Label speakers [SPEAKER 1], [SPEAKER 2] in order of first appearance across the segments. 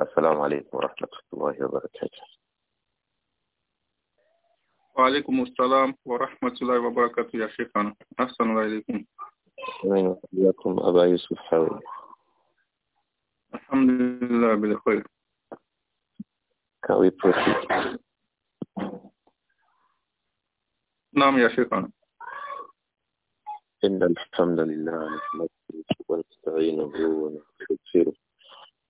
[SPEAKER 1] السلام عليكم ورحمة الله وبركاته وعليكم السلام ورحمة الله وبركاته يا شيخنا أحسن الله إليكم أمين أبا يوسف حاوي الحمد لله بالخير كوي we نعم يا شيخنا إن الحمد لله نحمده ونستعينه ونستغفره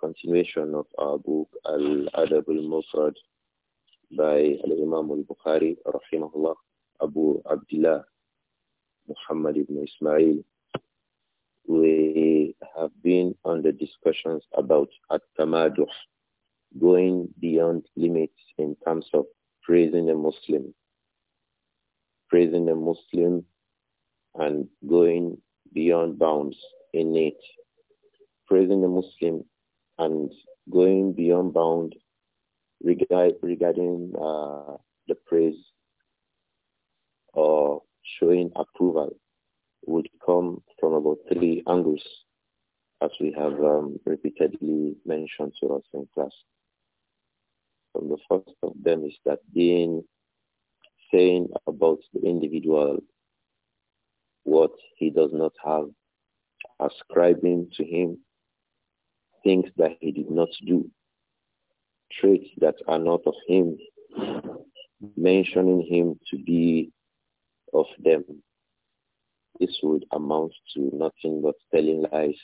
[SPEAKER 1] continuation of our book Al-Adab al-Mufrad by Al-Imam al-Bukhari rahimahullah Abu Abdullah Muhammad ibn Ismail. We have been on the discussions about at-tamaduh, going beyond limits in terms of praising a Muslim, praising a Muslim and going beyond bounds in it. Praising a Muslim and going beyond bound regarding uh, the praise or showing approval would come from about three angles, as we have um, repeatedly mentioned to us in class. From the first of them is that being saying about the individual what he does not have, ascribing to him things that he did not do, traits that are not of him, mentioning him to be of them. This would amount to nothing but telling lies.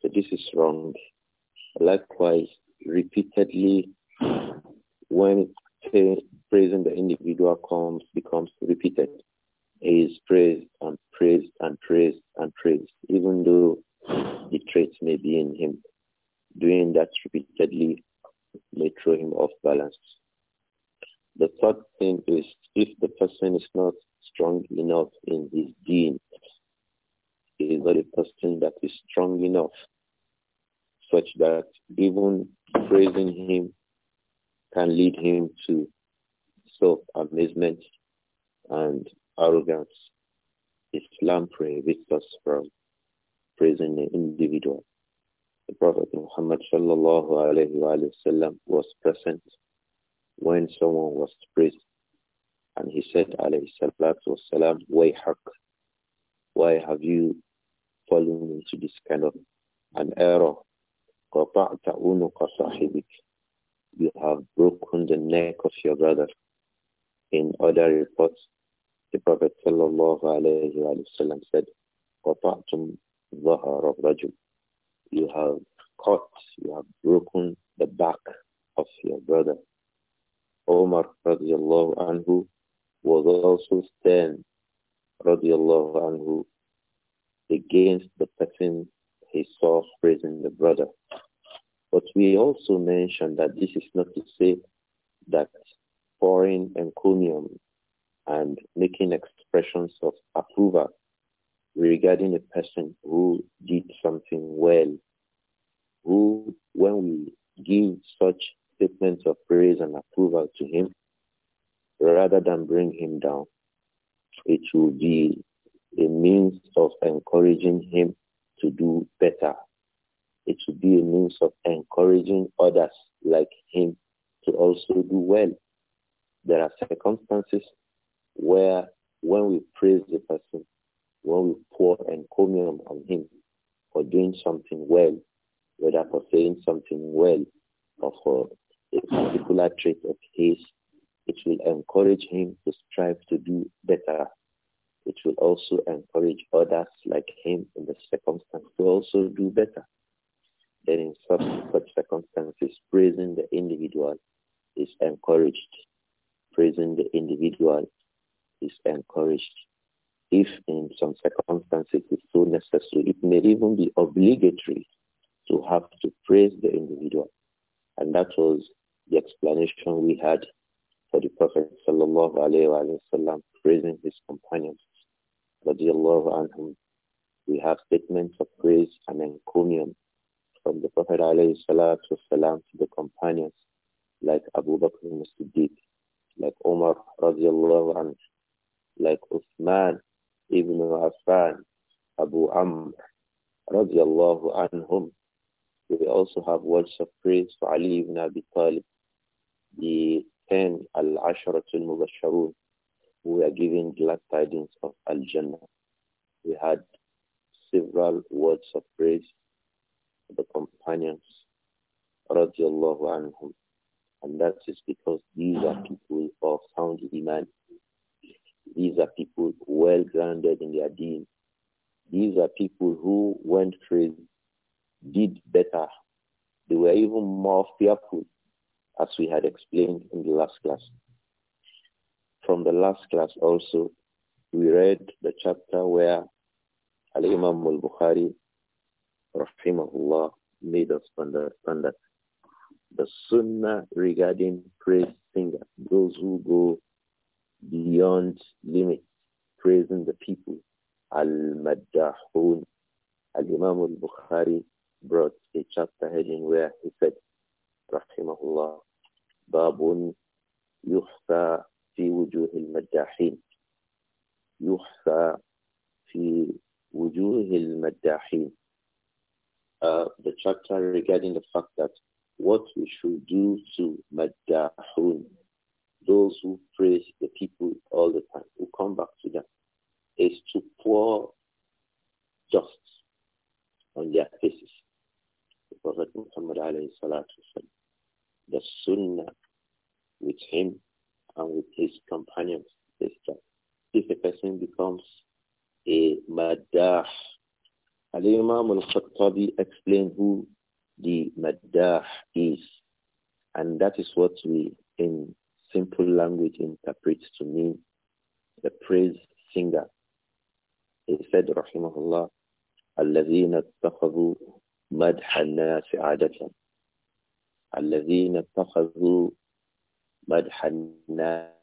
[SPEAKER 1] So this is wrong. Likewise, repeatedly, when praising the individual comes, becomes repeated, he is praised and praised and praised and praised, even though the traits may be in him. Doing that repeatedly may throw him off balance. The third thing is if the person is not strong enough in his being, he is not a person that is strong enough such that even praising him can lead him to self-amazement and arrogance. Islam prohibits us from Praising the individual. The Prophet Muhammad sallallahu alayhi wa sallam was present when someone was praised. And he said alayhi salatu wasalam, Wayhak, why have you fallen into this kind of an error? You have broken the neck of your brother. In other reports, the Prophet sallallahu alayhi wa sallam said, قطعتم ظهر الرجل you have cut, you have broken the back of your brother. Omar radiallahu anhu was also stern radiallahu anhu against the person he saw praising the brother. But we also mentioned that this is not to say that pouring encomium and making expressions of approval regarding a person who did something well, who, when we give such statements of praise and approval to him, rather than bring him down, it will be a means of encouraging him to do better. It will be a means of encouraging others like him to also do well. There are circumstances where when we praise the person, when we pour encomium on him for doing something well, whether for saying something well or for a particular trait of his, it will encourage him to strive to do better. It will also encourage others like him in the circumstance to also do better. Then in such, such circumstances, praising the individual is encouraged. Praising the individual is encouraged if in some circumstances it's so necessary, it may even be obligatory to have to praise the individual. And that was the explanation we had for the Prophet sallallahu wa sallam praising his companions. We have statements of praise and encomium from the Prophet alayhi salatu to the companions like Abu Bakr al-Siddiq, like Omar radiallahu anhu, like Uthman Ibn Affan, Abu Amr, radiallahu anhum. We also have words of praise for Ali ibn Abi Talib, the 10 Al-Asharatul Mubasharun, we are giving glad tidings of Al-Jannah. We had several words of praise for the companions, radiallahu anhum. And that is because these are people of sound iman. These are people well grounded in their deen. These are people who went crazy, did better. They were even more fearful, as we had explained in the last class. From the last class also, we read the chapter where Al-Imam al-Bukhari, rahimahullah, made us understand that the sunnah regarding praise singers, those who go beyond limits, praising the people. Al-Maddahun. Al-Imam al-Bukhari brought a chapter heading where he said, Rahimahullah, Babun يحصى في وجوه المداحين يحصى في وجوه uh, the chapter regarding the fact that what we should do to madahun those who praise the people all the time, who come back to them, is to pour dust on their faces. The Prophet Muhammad the sunnah with him and with his companions is that if a person becomes a madhah, Al-Imam al-Khattabi explained who the madhah is. And that is what we in simple language interprets to mean the praise singer. He said, Rahimahullah, الذين اتخذوا مدح الناس عادة الذين اتخذوا مدح الناس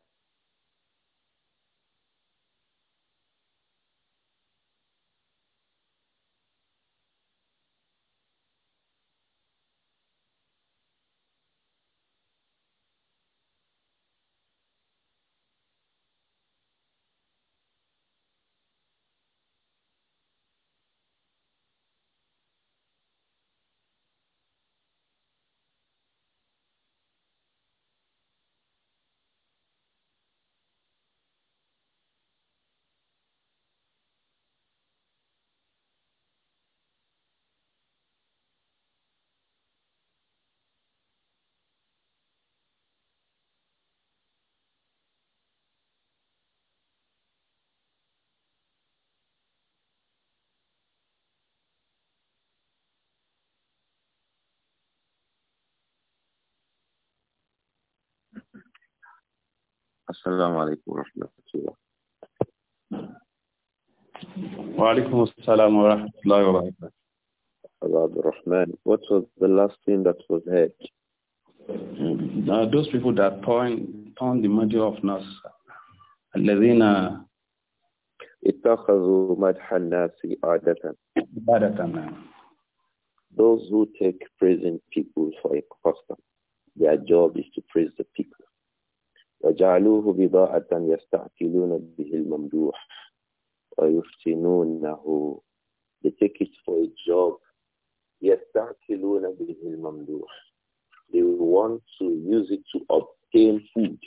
[SPEAKER 1] السلام عليكم ورحمة الله وعليكم السلام ورحمة الله وبركاته about Rahman. What was the last thing that was heard? Uh, those people that point on the murder of Nas, الذين اتخذوا مدح الناس عادة. عادة. Those who take praising people for a custom, their job is to praise the people. وَجَعَلُوهُ بِضَاءَةً بِهِ الْمَمْدُوحِ وَيُفْتِنُونَهُ They take it for a job. يَسْتَعْتِلُونَ بِهِ الْمَمْدُوحِ They want to use it to obtain food,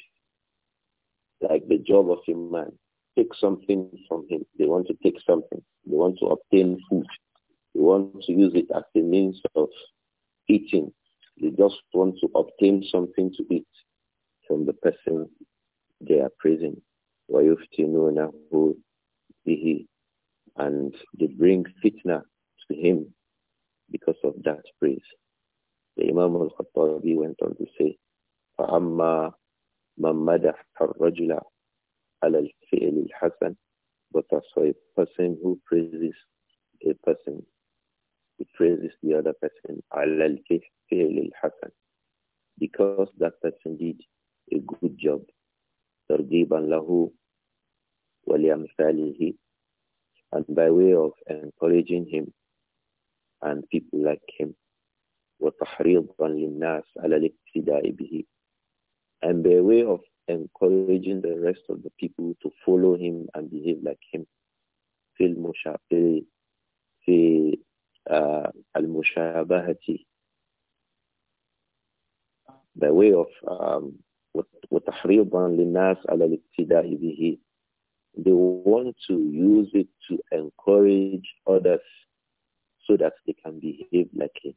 [SPEAKER 1] like the job of a man. Take something from him. They want to take something. They want to obtain food. They want to use it as a means of eating. They just want to obtain something to eat from the person they are praising. And they bring fitna to him because of that praise. The Imam al-Khattabi went on to say, فَأَمَّا مَنْ مَدَحَ الرَّجُلَ عَلَى الْفِئِلِ But as for a person who praises a person, he praises the other person, عَلَى الْفِئِلِ الْحَسَنِ Because that person did a good job. ترغيبا له ولأمثاله and by way of encouraging him and people like him وتحريضا للناس على الاقتداء به and by way of encouraging the rest of the people to follow him and behave like him في المشا في المشابهة by way of um, وتحريضا للناس على الاقتداء به they want to use it to encourage others so that they can behave like him.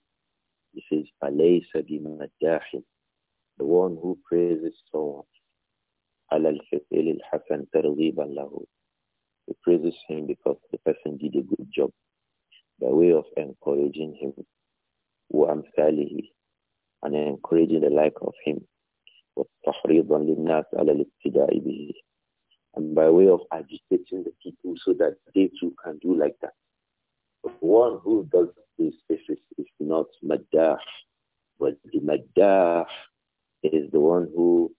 [SPEAKER 1] He says, فَلَيْسَ بِمَدَّاحٍ The one who praises someone. عَلَى الْفِقِلِ الْحَسَنِ تَرْغِيبًا لَهُ He praises him because the person did a good job by way of encouraging him. وَأَمْثَالِهِ And encouraging the like of him. وَتَحْرِيضًا لِلنَّاسِ عَلَى الْإِبْتِدَاءِ بِهِ And by way of agitating the people so that they too can do like that. But one who does these faces is not maddah, but the maddah is the one who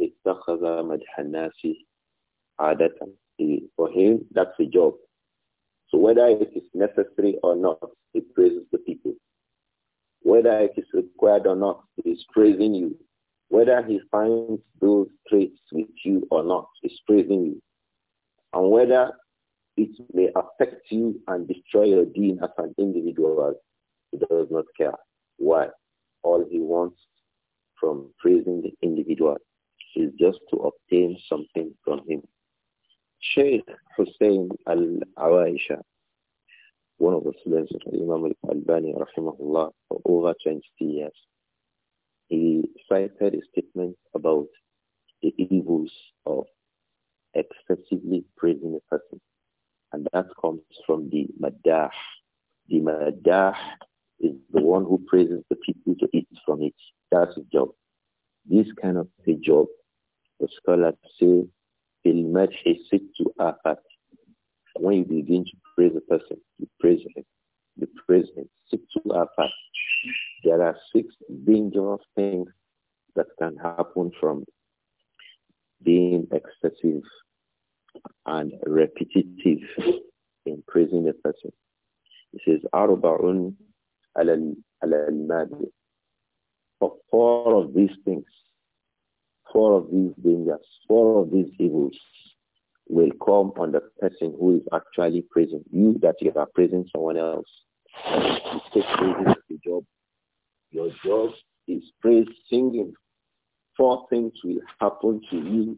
[SPEAKER 1] اتخذ مدح الناس عادة. For him, that's a job. So whether it is necessary or not, he praises the people. Whether it is required or not, he is praising you. Whether he finds those traits with you or not, he's praising you. And whether it may affect you and destroy your deen as an individual, he does not care. Why? All he wants from praising the individual is just to obtain something from him. Sheikh Hussein al-Awaisha, one of the students of Imam al-Albani, rahimahullah, for over 20 years, he cited a statement about the evils of excessively praising a person. And that comes from the madah. The madah is the one who praises the people to eat from it. That's his job. This kind of a job, the scholars say, will match a sit to afat. When you begin to praise a person, you praise him. You praise him. Sit to afat. There are six dangerous things that can happen from being excessive and repetitive in praising a person. It says, Arba'un al-madi. For four of these things, four of these dangers, four of these evils will come on the person who is actually praising you that you are praising someone else a job, your job is praise singing. Four things will happen to you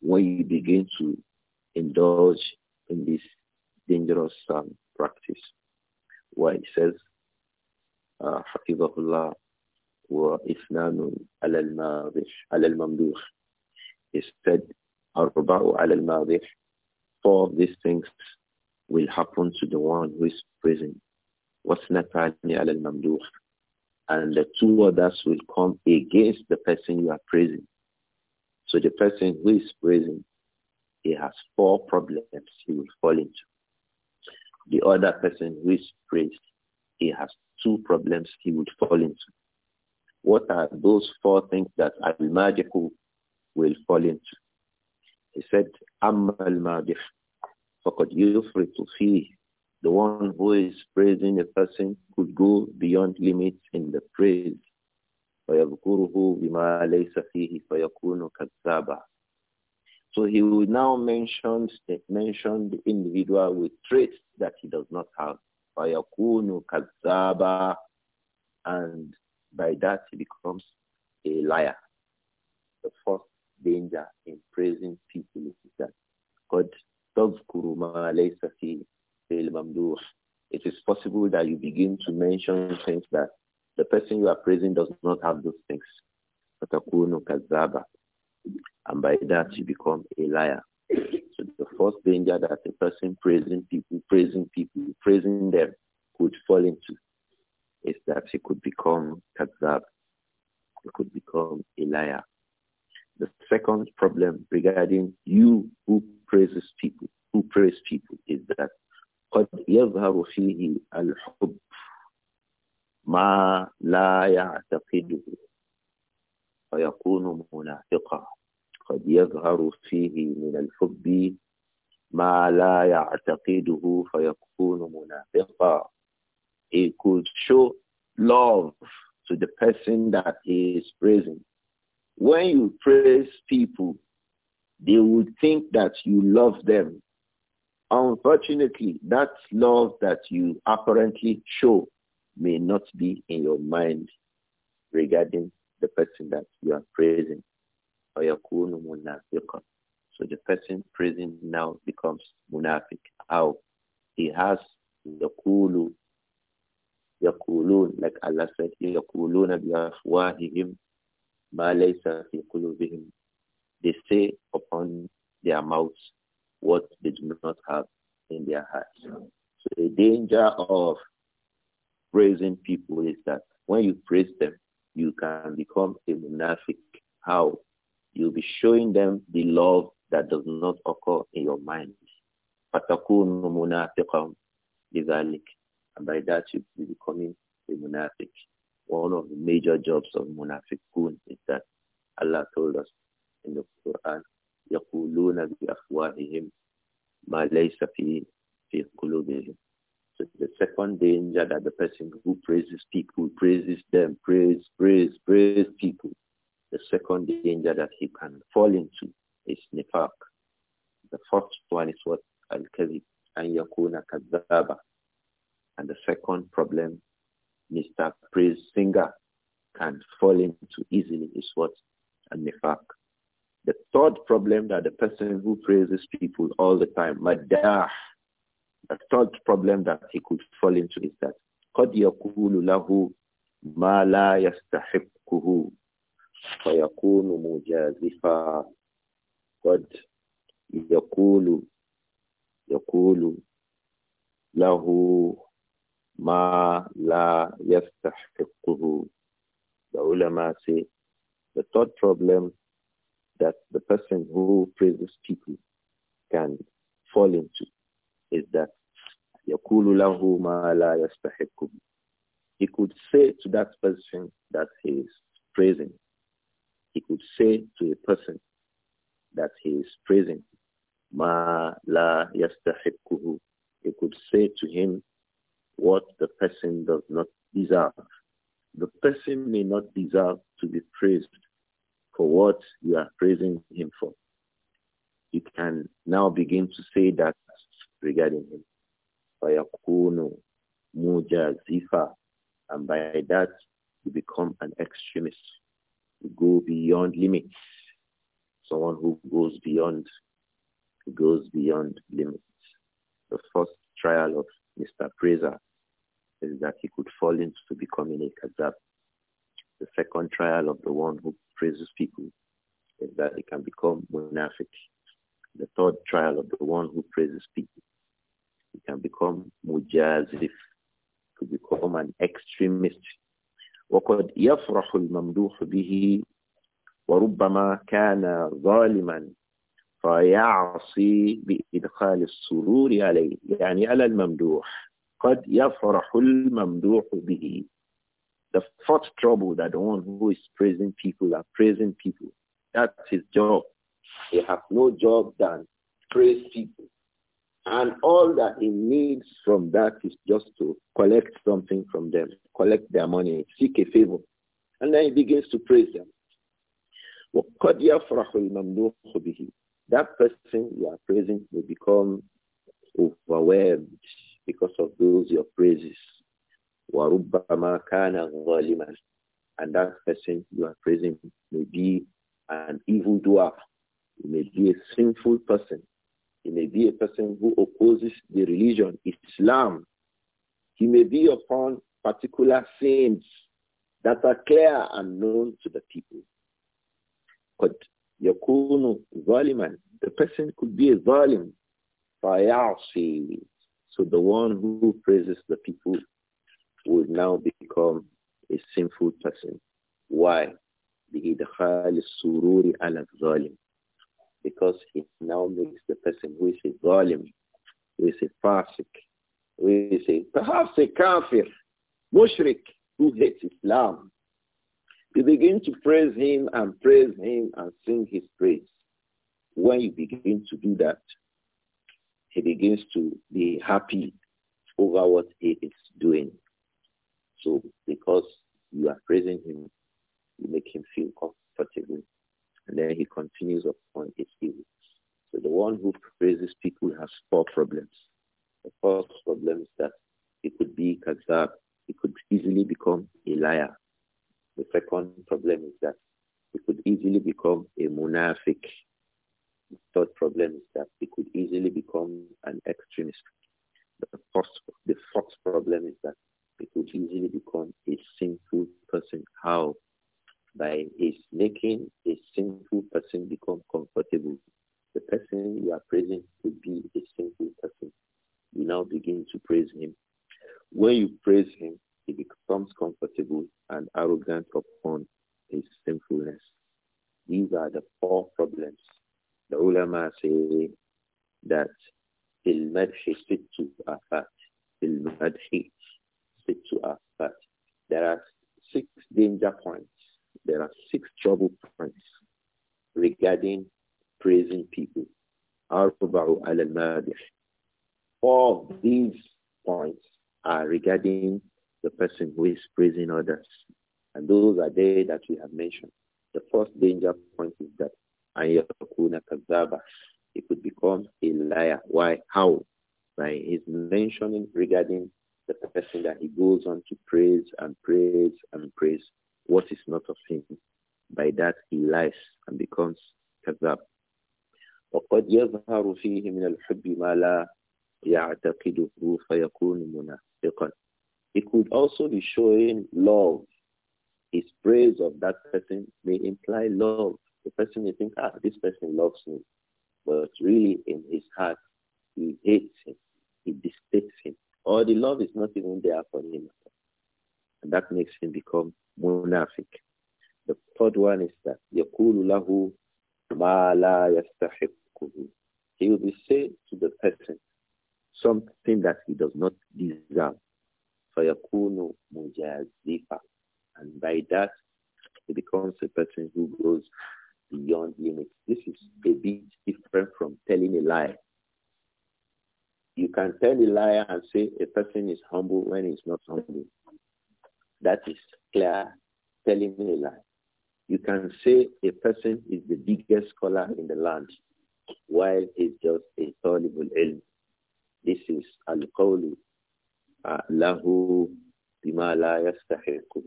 [SPEAKER 1] when you begin to indulge in this dangerous um, practice. Why it says, حفظه uh, wa وإثنان al al على الممدوح arba'u al al الماضح four of these things will happen to the one who is praising and the two others will come against the person you are praising. So the person who is praising, he has four problems he will fall into. The other person who is praised, he has two problems he would fall into. What are those four things that Al-Majihu will fall into? He said, أَمَّا الْمَاجِحُ فَقَدْ يُفْرِطُ فِيهِ the one who is praising a person could go beyond limits in the praise. فَيَذْكُرُهُ بِمَا لَيْسَ فِيهِ فَيَكُونُ كَذَّابًا So he will now mention, mention the individual with traits that he does not have. فَيَكُونُ كَذَّابًا And by that he becomes a liar. The first danger in praising people is that God تذكر ما ليس فيه it is possible that you begin to mention things that the person you are praising does not have those things. And by that you become a liar. So the first danger that a person praising people, praising people, praising them could fall into is that he could become kazab. He could become a liar. The second problem regarding you who praises people, who praise people is that قد يظهر فيه الحب ما لا يعتقده فيكون منافقا قد يظهر فيه من الحب ما لا يعتقده فيكون منافقا He could show love to the person that he is praising. When you praise people, they would think that you love them Unfortunately, that love that you apparently show may not be in your mind regarding the person that you are praising. So the person praising now becomes munafik. How? He has the kulu يقولون like Allah said يقولون بأفواههم ما ليس في قلوبهم they say upon their mouths what they do not have in their hearts. So the danger of praising people is that when you praise them, you can become a monarchic. How? You'll be showing them the love that does not occur in your mind. فَتَكُونُ مُنَافِقًا لِذَلِكَ And by that, you'll be becoming a monarchic. One of the major jobs of munafiqun is that Allah told us in the Quran, يقولون بأفواههم ما ليس في في قلوبهم so the second danger that the person who praises people praises them praise praise praise people the second danger that he can fall into is nifaq the first one is what al-kadhib an yakuna and the second problem Mr. Praise Singer can fall into easily is what and nifaq third problem that the person who praises people all the time, madah, the third problem that he could fall into is that قد يقول له ما لا يستحقه فيكون مجازفا قد يقول يقول له ما لا يستحقه the ulama say the third problem that the person who praises people can fall into is that يقول له ما لا He could say to that person that he is praising. He could say to a person that he is praising ما لا يستحقه. He could say to him what the person does not deserve. The person may not deserve to be praised for what you are praising him for. You can now begin to say that regarding him. Fayakunu zifa, And by that, you become an extremist. You go beyond limits. Someone who goes beyond, goes beyond limits. The first trial of Mr. Fraser is that he could fall into becoming a Kazab. The second trial of the one who praises people is that they can become munafik. The third trial of the one who praises people, he can become mujazif, to become an extremist. وقد يفرح الممدوح به وربما كان ظالما فيعصي بإدخال السرور عليه يعني على الممدوح قد يفرح الممدوح به the fourth trouble that the one who is praising people are praising people. That's his job. He has no job than praise people. And all that he needs from that is just to collect something from them, collect their money, seek a favor. And then he begins to praise them. That person you are praising will become overwhelmed because of those your praises. وَرُبَّمَا كَانَ ظَالِمًا And that person you are praising may be an doer. He may be a sinful person. He may be a person who opposes the religion, Islam. He may be upon particular sins that are clear and known to the people. But يَكُونُ ظَالِمًا The person could be a ظالم. فَيَعْصِي So the one who praises the people Will now become a sinful person. Why? Because he now makes the person who is a zalim, who is a fasik, who is a, perhaps a kafir, mushrik, who hates Islam. You begin to praise him and praise him and sing his praise. When you begin to do that, he begins to be happy over what he is doing. So because you are praising him, you make him feel comfortable. And then he continues upon his evil. So the one who praises people has four problems. The first problem is that he could be kazab. He could easily become a liar. The second problem is that he could easily become a munafiq. The third problem is that he could easily become an extremist. The, first, the fourth problem is that it would easily become a sinful person. How? By his making a sinful person become comfortable. The person you are praising could be a sinful person. You now begin to praise him. When you praise him, he becomes comfortable and arrogant upon his sinfulness. These are the four problems. The ulama say that المدح ست آفات المدح to us that there are six danger points, there are six trouble points regarding praising people. All of these points are regarding the person who is praising others. And those are they that we have mentioned. The first danger point is that he could become a liar. Why? How? By his mentioning regarding the person that he goes on to praise and praise and praise what is not of him. By that he lies and becomes kazab. وقد يظهر فيه من الحب ما لا يعتقده فيكون منافقا. It could also be showing love. His praise of that person may imply love. The person may think, ah, this person loves me. But really in his heart, he hates him. He distates him or the love is not even there for him. And that makes him become munafiq. The third one is that يَقُولُ لَهُ مَا لَا يَسْتَحِقُّهُ He will be to the person something that he does not deserve. فَيَكُونُ مُجَازِفًا And by that, he becomes a person who goes beyond limits. This is a bit different from telling a lie. You can tell a liar and say a person is humble when he's not humble. That is clear telling a lie. You can say a person is the biggest scholar in the land while he's just a soluble ill. This is al-qawlu uh, lahu bima la yastahiquhu.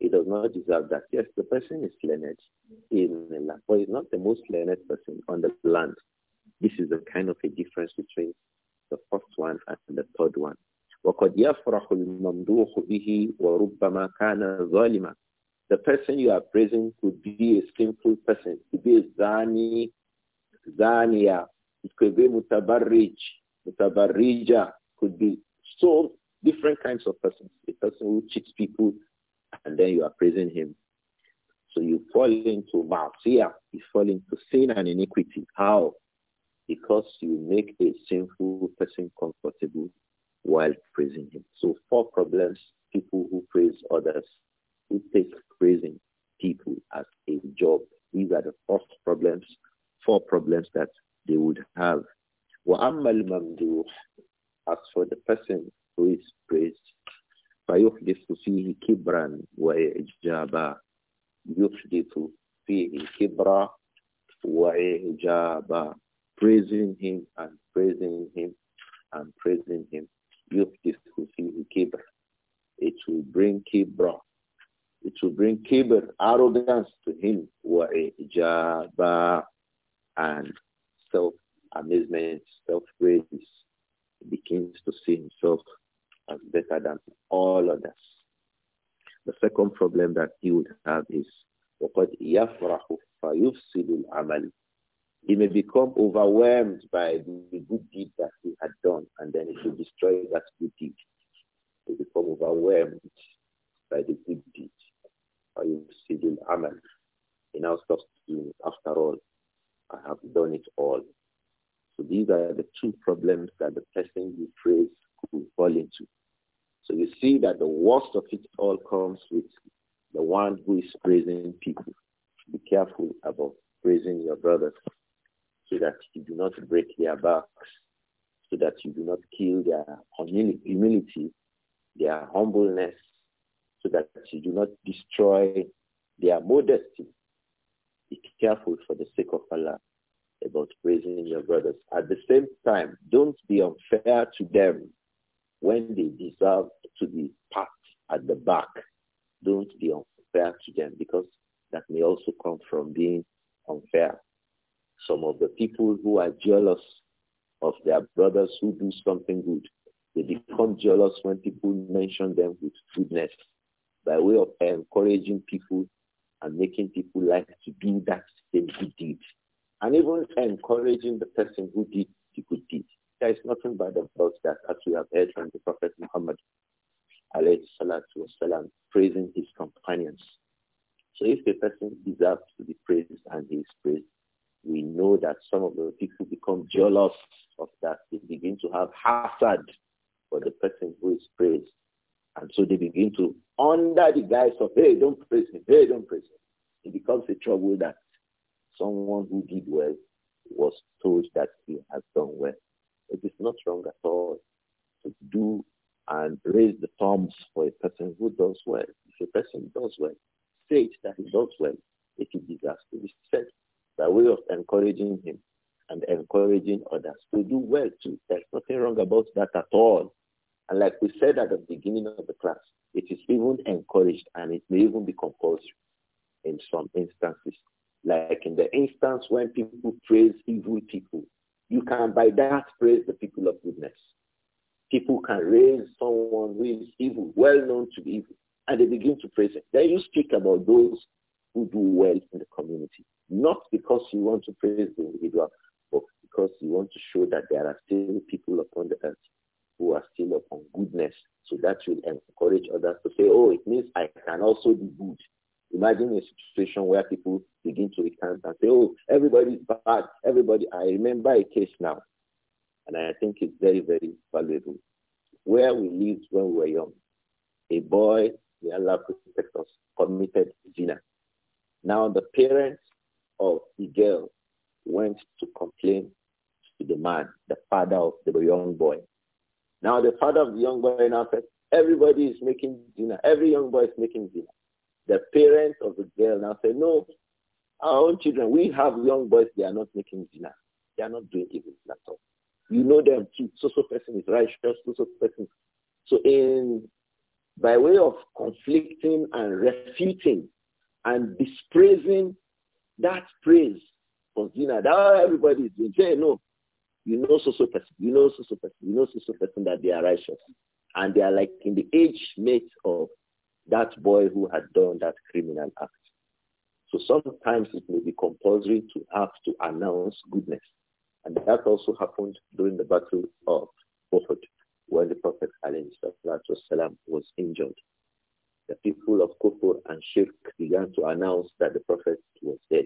[SPEAKER 1] He does not deserve that. Yes, the person is learned in the land, but he's not the most learned person on the land. This is the kind of a difference between the first one and the third one. وَقَدْ يَفْرَحُ الْمَمْدُوحُ بِهِ وَرُبَّمَا كَانَ ظَالِمًا The person you are praising could be a sinful person, could be a zani, zania, it could be mutabarrij, mutabarrija, could be so different kinds of persons. A person who cheats people and then you are praising him. So you fall into ma'asiyah, you fall into sin and iniquity. How? because you make a sinful person comfortable while praising him. So four problems people who praise others, who take praising people as a job. These are the first problems, four problems that they would have. As for the person who is praised, فيحدث فيه كبرا وإعجابا يحدث فيه كبرا وإعجابا praising him and praising him and praising him. see It will bring kibra. It will bring kibr, arrogance to him, wa and self-amazement, self-praise. begins to see himself as better than all others. The second problem that he would have is وَقَدْ يَفْرَحُ فَيُفْسِدُ الْعَمَلِ he may become overwhelmed by the good deed that he had done, and then he should destroy that good deed. He become overwhelmed by the good deed. Or you see the amal. He now stops After all, I have done it all. So these are the two problems that the person you praise could fall into. So you see that the worst of it all comes with the one who is praising people. Be careful about praising your brothers so that you do not break their backs, so that you do not kill their humility, their humbleness, so that you do not destroy their modesty. Be careful for the sake of Allah about praising your brothers. At the same time, don't be unfair to them when they deserve to be packed at the back. Don't be unfair to them because that may also come from being unfair some of the people who are jealous of their brothers who do something good. They become jealous when people mention them with goodness by way of encouraging people and making people like to do that same good deed. And even encouraging the person who did the good deed. There is nothing bad about that as we have heard from the Prophet Muhammad والسلام, praising his companions. So if a person deserves to be praised and he is praised, we know that some of the people become jealous of that. They begin to have hatred for the person who is praised. And so they begin to, under the guise of, hey, don't praise me, hey, don't praise me. It becomes a trouble that someone who did well was told that he has done well. It is not wrong at all to do and raise the thumbs for a person who does well. If a person does well, state that he does well if he deserves to be said a way of encouraging him and encouraging others to do well too. There's nothing wrong about that at all. And like we said at the beginning of the class, it is even encouraged and it may even be compulsory in some instances. Like in the instance when people praise evil people, you can by that praise the people of goodness. People can raise someone who is evil, well known to be evil, and they begin to praise him. Then you speak about those who do well in the community. Not because you want to praise the individual, but because you want to show that there are still people upon the earth who are still upon goodness. So that will encourage others to say, oh, it means I can also be good. Imagine a situation where people begin to recant and say, oh, everybody's bad, everybody. I remember a case now, and I think it's very, very valuable. Where we lived when we were young, a boy, the Allah protect us, committed zina. Now the parents of the girl went to complain to the man, the father of the young boy. Now the father of the young boy now said, everybody is making dinner. Every young boy is making dinner. The parents of the girl now say, no, our own children, we have young boys, they are not making dinner. They are not doing evil at all. You know them too. So-so person is righteous, so-so person. So in, by way of conflicting and refuting and dispraising that praise for zina. That everybody is doing. Say, no, you know so so person, you know so so person, you know so so person that they are righteous. And they are like in the age mate of that boy who had done that criminal act. So sometimes it may be compulsory to have to announce goodness. And that also happened during the battle of Uhud when the Prophet والسلام, was injured the people of Kufur and Shirk began to announce that the Prophet was dead,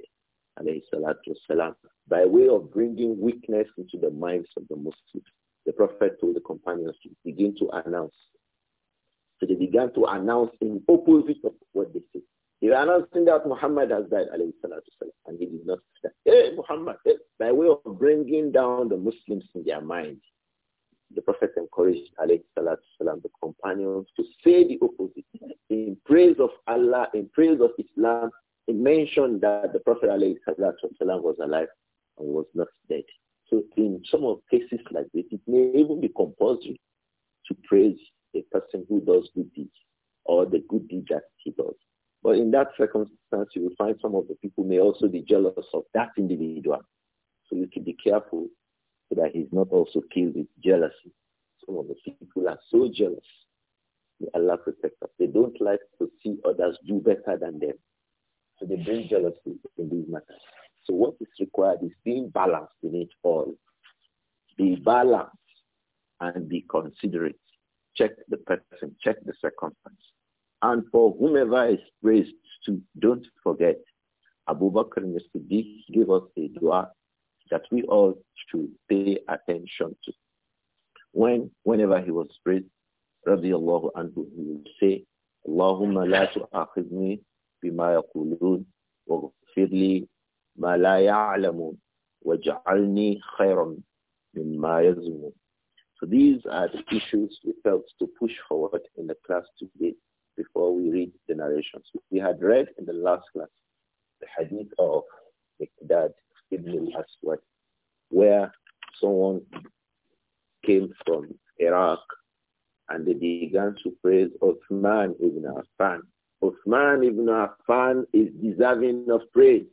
[SPEAKER 1] والسلام, by way of bringing weakness into the minds of the Muslims. The Prophet told the companions to begin to announce. So they began to announce in opposite of what they said. They were announcing that Muhammad has died, والسلام, and he did not Hey, Muhammad, hey, by way of bringing down the Muslims in their minds the Prophet encouraged alayhi salatu salam, the companions to say the opposite. In praise of Allah, in praise of Islam, he mentioned that the Prophet alayhi salatu salam, was alive and was not dead. So in some of cases like this, it may even be compulsory to praise a person who does good deeds or the good deed that he does. But in that circumstance, you will find some of the people may also be jealous of that individual. So you should be careful so that he's not also killed with jealousy. Some of the people are so jealous. May Allah protect us. They don't like to see others do better than them. So they bring jealousy in these matters. So what is required is being balanced in it all. Be balanced and be considerate. Check the person, check the circumstance. And for whomever is praised to, don't forget, Abu Bakr and Siddiq gave us a dua that we all should pay attention to. When, whenever he was prayed, radiallahu anhu, he would say, Allahumma la tu'akhidni bi yaqulun waghfir li ma la ya'lamun waj'alni khayran mimma yazmun. So these are the issues we felt to push forward in the class today before we read the narrations. We had read in the last class the hadith of Miqdad ibn al-Aswad, where someone came from Iraq and they began to praise Uthman ibn Affan. Uthman ibn Affan is deserving of praise.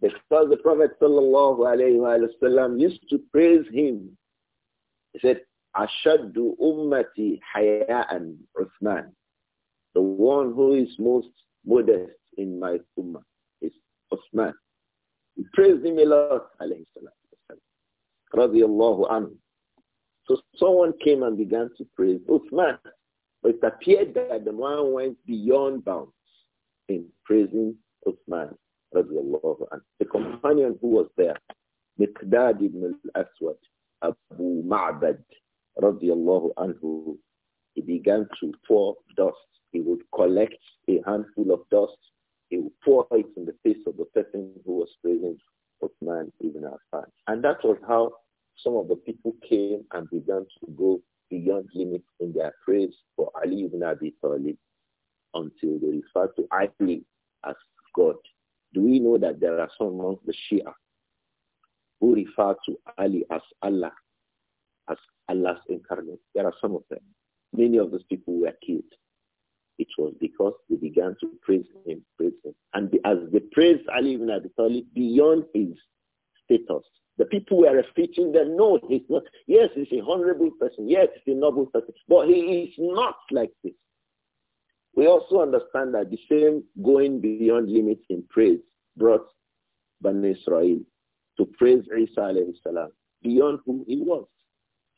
[SPEAKER 1] Because the Prophet Wasallam used to praise him. He said, Ashaddu ummati haya'an Uthman. The one who is most modest in my ummah is Uthman. Praise him a lot, alayhi So someone came and began to praise Uthman. But it appeared that the man went beyond bounds in praising Uthman, radiallahu The companion who was there, Miqdad ibn al-Aswad, Abu Ma'bad, radiallahu anhu, he began to pour dust. He would collect a handful of dust he would pour it in the face of the person who was praising man ibn Affan. And that was how some of the people came and began to go beyond limits in their praise for Ali ibn Abi Talib until they referred to Ali as God. Do we know that there are some amongst the Shia who refer to Ali as Allah, as Allah's incarnate? There are some of them. Many of those people were killed. It was because they began to praise him, praise him. And as they praised Ali ibn Abi Talib beyond his status, the people were refuting them. No, he's not. Yes, he's a honorable person. Yes, he's a noble person. But he is not like this. We also understand that the same going beyond limits in praise brought Bani Israel to praise Isa alayhi salam beyond whom he was.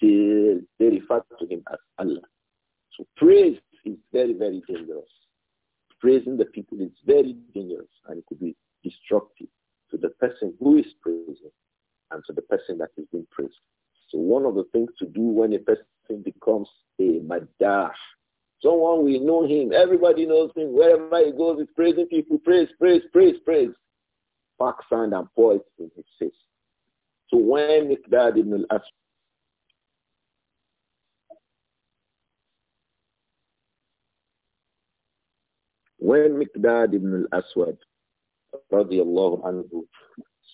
[SPEAKER 1] They, they referred to him as Allah. So praise is very, very dangerous. Praising the people is very dangerous and it could be destructive to the person who is praising and to the person that is being praised. So one of the things to do when a person becomes a madash, someone we know him, everybody knows him, wherever he goes, he's praising people, praise, praise, praise, praise. Pack sand and pour it in his face. So when Mikdad ibn al-Aswad When Miqdad ibn al-Aswad radiallahu anhu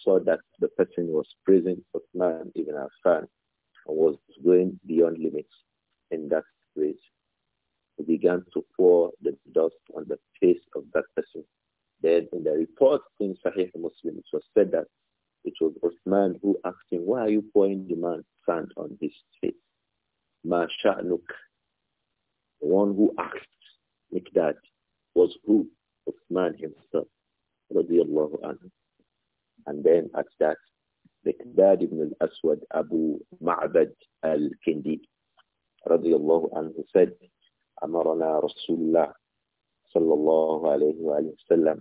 [SPEAKER 1] saw that the person was praising Uthman ibn Affan and was going beyond limits in that praise, he began to pour the dust on the face of that person. Then in the report in Sahih Muslim, it was said that it was Uthman who asked him, why are you pouring the man sand on his face? Ma sha'nuk, the one who asked Mikdad, was who? Uthman himself, radiallahu anhu. And then at that, the Miqdad ibn al-Aswad Abu Ma'bad al-Kindi, radiallahu anhu, said, أمرنا رسول الله صلى الله عليه وآله وسلم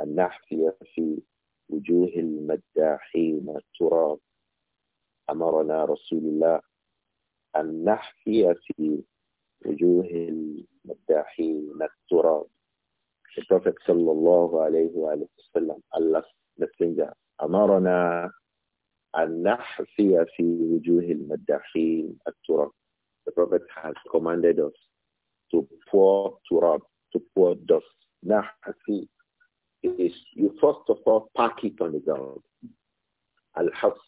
[SPEAKER 1] أن نحفي في وجوه المداحين التراب أمرنا رسول الله أن نحفي في وجوه المداحين التراب the Prophet sallallahu alayhi wa sallam, Allah's messenger, The Prophet has commanded us to pour turab, to pour dust. Nahfi is you first of all pack it on the ground. Al-Hasf.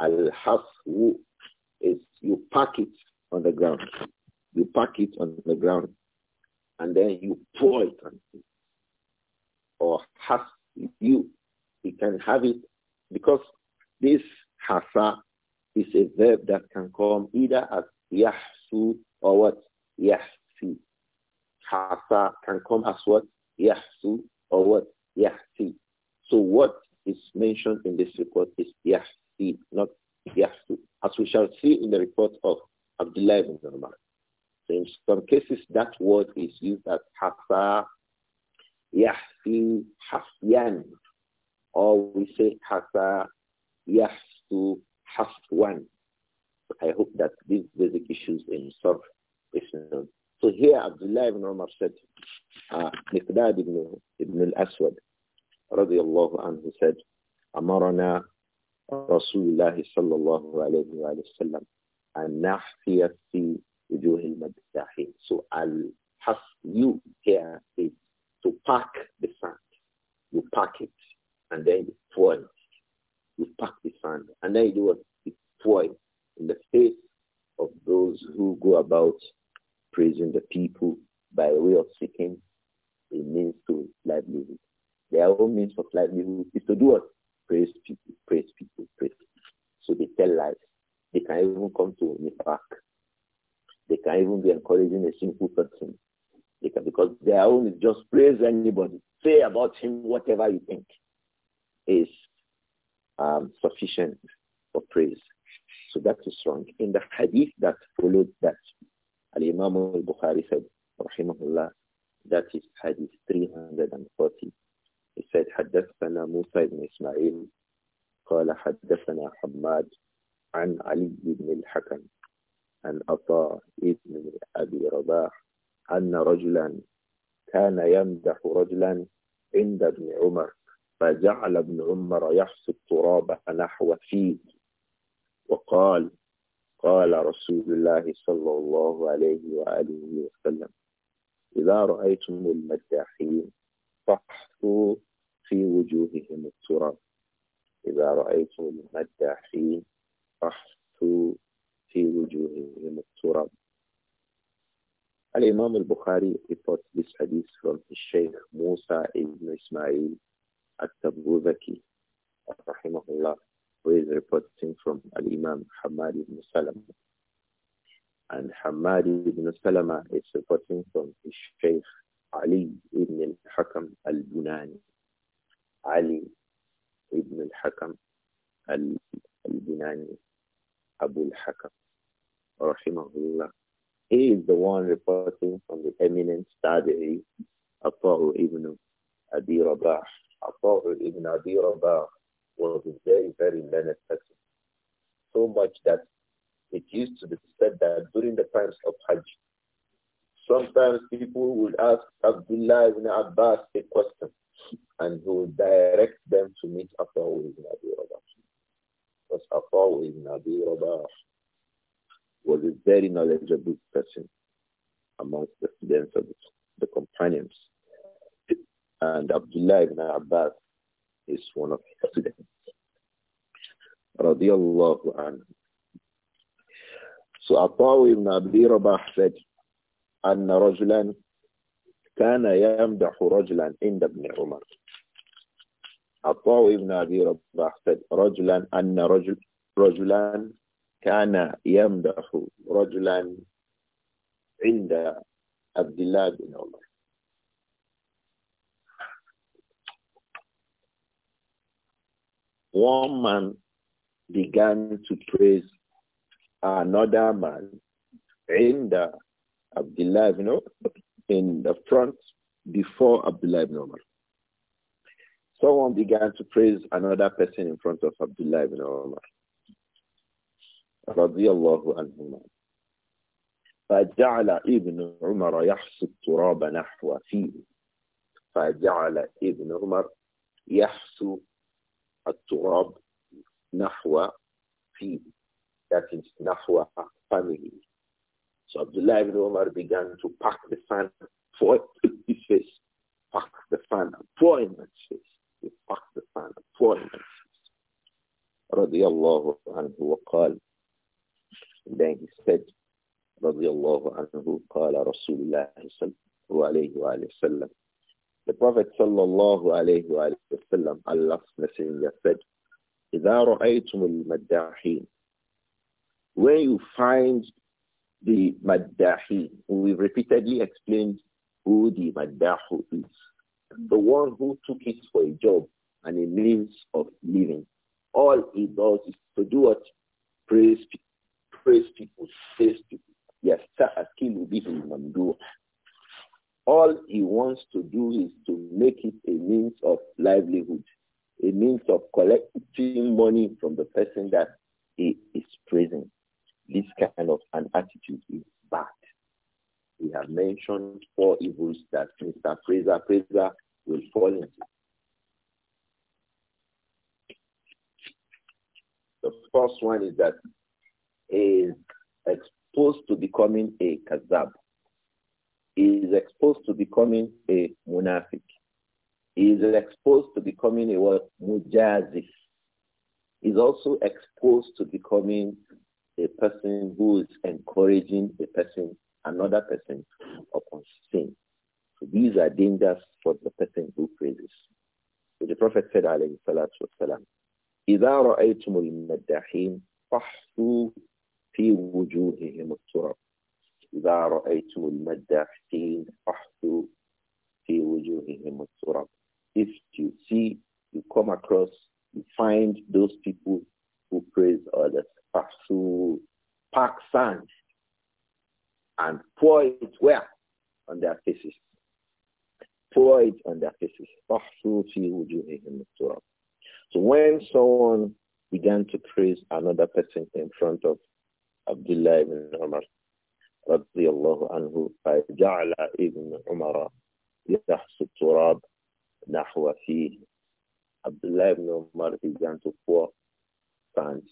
[SPEAKER 1] al hasu is you pack it on the ground. You pack it on the ground and then you pour it on him. Or has you. He can have it because this hasa is a verb that can come either as yahsu or what? Yahsi. Hasa can come as what? Yahsu or what? Yahsi. So what is mentioned in this report is Yahsi, not Yahsu, as we shall see in the report of Abdullah ibn Umar in some cases, that word is used as hasa, yahfi, hafyan. Or we say hasa, yahsu, hafwan. I hope that these basic issues in surf is known. So here Abdullah ibn Umar said, uh, Miqdad ibn, ibn al-Aswad, الله عنه said, أمرنا رسول الله صلى الله عليه وآله وسلم أن نحفي في وجوه المدساحين. So al-hasyu here is to pack the sand. You pack it and then you pour it. You pack the sand and then you do what? You pour it in the face of those who go about praising the people by way of seeking a means to livelihood. Their own means of livelihood is to do what? Praise people, praise people, praise people. So they tell lies. They can even come to back. They can even be encouraging a single person. They can, because their own is just praise anybody. Say about him whatever you think is um, sufficient for praise. So that is wrong. In the hadith that followed that, Al-Imam al-Bukhari said, rahimahullah, that is hadith 340. He said, حدثنا موسى بن إسماعيل قال حدثنا حماد عن علي بن الحكم عن عطاء ابن أبي رباح أن رجلا كان يمدح رجلا عند ابن عمر فجعل ابن عمر يحصي التراب نحو فيه وقال قال رسول الله صلى الله عليه وآله وسلم إذا رأيتم المداحين فاحثوا في وجوههم التراب إذا رأيتم المداحين فاحثوا في وجوههم التراب الإمام البخاري reports this hadith from his Sheikh Musa ibn Ismail al-Tabuzaki rahimahullah who is reporting from Al-Imam Hamad ibn Salama and Hamad ibn Salama is reporting from his Sheikh Ali ibn al-Hakam al-Bunani Ali ibn al-Hakam al-Bunani Abu al-Hakam rahimahullah. He is the one reporting from the eminent study of ibn Abi Rabah. Attahu ibn Abi Rabah was very, very learned person. So much that it used to be said that during the times of Hajj, sometimes people would ask Abdullah ibn Abbas a question and he would direct them to meet Attahu ibn Abi Rabah. Because Attahu ibn Abi Rabah was a very knowledgeable person amongst the students of the companions. And Abdullah ibn Abbas is one of the students. Radiallahu anhu. So Abu ibn Abi Rabah said, أن رجلا كان يمدح رجلا عند ابن عمر. Atawi ibn Abi Rabah said, رجلا أن رجل رجلان كان يمدح رجلا عند عبد الله بن عمر one man began to praise another man in the Abdullah ibn Umar, in the front before Abdullah ibn Umar. Someone began to praise another person in front of Abdullah ibn Umar. رضي الله عنهما فجعل ابن عمر يحصي التراب نحو فيه فجعل ابن عمر يحصو التراب نحو فيه that is نحو فمه so Abdullah ibn Umar began to pack the fan for his face pack the fan, pour in his face he packed the fan, pour in his face رضي الله عنه وقال And then he said, رضي الله عنه قال رسول الله صلى الله عليه وسلم The Prophet صلى الله عليه وآله وسلم Allah's messenger said إذا رأيتم المداحين When you find the maddahin, we've repeatedly explained who the maddahu is, the one who took it for a job and a means of living. All he does is to do what? Praise praise people, says people. Yes, All he wants to do is to make it a means of livelihood, a means of collecting money from the person that he is praising. This kind of an attitude is bad. We have mentioned four evils that Mr. Fraser Fraser will fall into. The first one is that is exposed to becoming a kazab. is exposed to becoming a munafiq. is exposed to becoming a what? is also exposed to becoming a person who is encouraging a person, another person upon sin. So these are dangers for the person who praises. So the Prophet said, alayhi salatu wasalam, إِذَا رَأَيْتُمُ الْمَدَّحِينَ في وجوههم إذا رأيتم المداحين في وجوههم If you see, you come across, you find those people who praise others, فاحثوا pack sand and pour it where? On their faces. Pour it on their faces. فاحثوا في وجوههم التراب So when someone began to praise another person in front of Abdullah ibn Umar رضي الله عنه فجعل ابن عمر يحصي التراب نحو Abdullah ibn Umar began to pour sand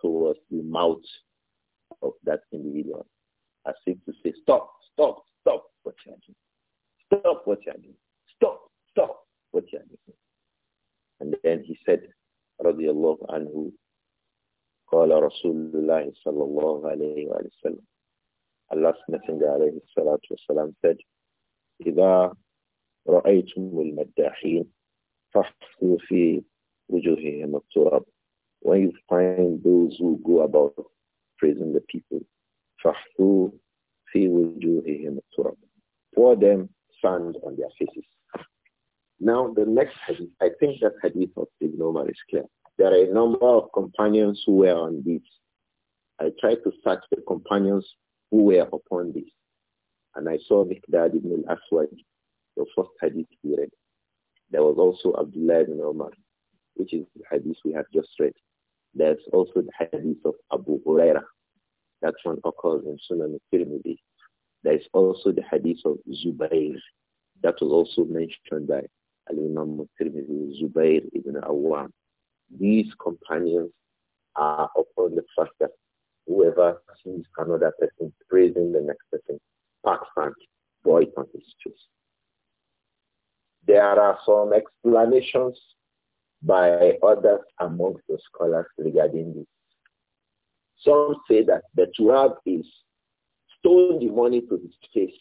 [SPEAKER 1] towards the mouth of that individual as if to say stop stop stop what you are doing stop what you are doing stop stop what you are doing and then he said رضي الله عنه قال رسول الله صلى الله عليه وسلم Allah's Messenger عليه الصلاة والسلام said إذا رأيتم المداحين فاحفظوا في وجوههم التراب When you find those who go about praising the people فاحفظوا في وجوههم التراب Pour them sand on their faces Now the next hadith, I think that hadith of Ibn Omar is clear. There are a number of companions who were on this. I tried to search the companions who were upon this. And I saw Mikdad ibn al-Aswad, the first hadith we read. There was also Abdullah ibn Omar, which is the hadith we have just read. There's also the hadith of Abu Huraira. That one occurs in Sunan al-Tirmidhi. There is also the hadith of Zubair. That was also mentioned by Al-Imam al-Tirmidhi, Zubair ibn Awam these companions are upon the fact that whoever sees another person praising the next person, packs and boy on his There are some explanations by others amongst the scholars regarding this. Some say that the Turab is stone the money to his face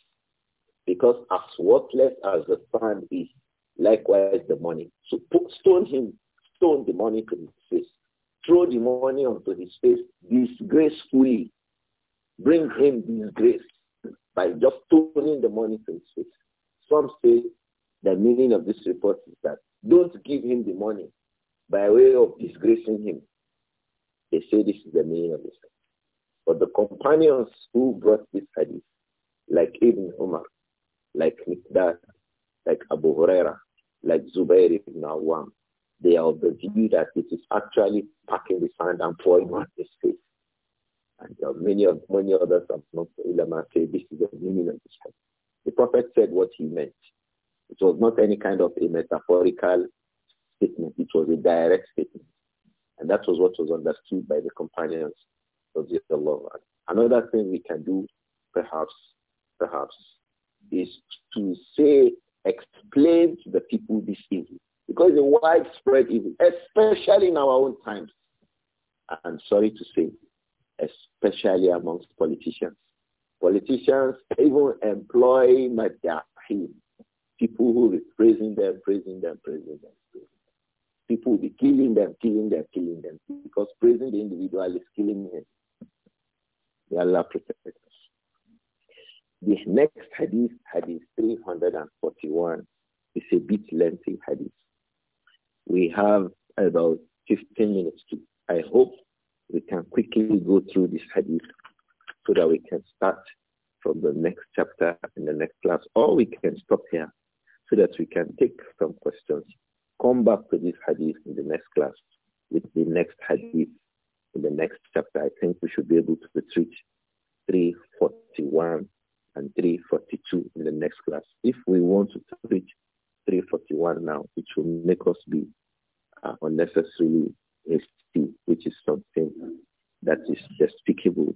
[SPEAKER 1] because as worthless as the sand is, likewise the money. So put, stone him stone the money to his face, throw the money onto his face disgracefully, bring him disgrace by just throwing the money to his face. Some say the meaning of this report is that don't give him the money by way of disgracing him. They say this is the meaning of this. But the companions who brought this hadith, like Ibn Umar, like Miqdad, like Abu Huraira, like Zubair ibn Awam, they are of the view that it is actually packing the sand and pouring on his face. And uh, many of many others have not. ulama say this is the meaning of this The Prophet said what he meant. It was not any kind of a metaphorical statement. It was a direct statement. And that was what was understood by the companions of the Lord. Another thing we can do, perhaps, perhaps, is to say, explain to the people this a widespread evil, especially in our own times. I'm sorry to say, especially amongst politicians. Politicians even employ madahim, people who are praising them, praising them, praising them, praising them. People will be killing them, killing them, killing them, because praising the individual is killing him. May Allah protect us. The next hadith, hadith 341, is a bit lengthy hadith. We have about 15 minutes. To, I hope we can quickly go through this hadith so that we can start from the next chapter in the next class, or we can stop here so that we can take some questions. Come back to this hadith in the next class with the next hadith in the next chapter. I think we should be able to treat 341 and 342 in the next class. If we want to treat 341 now, which will make us be uh, unnecessarily hasty, which is something that is despicable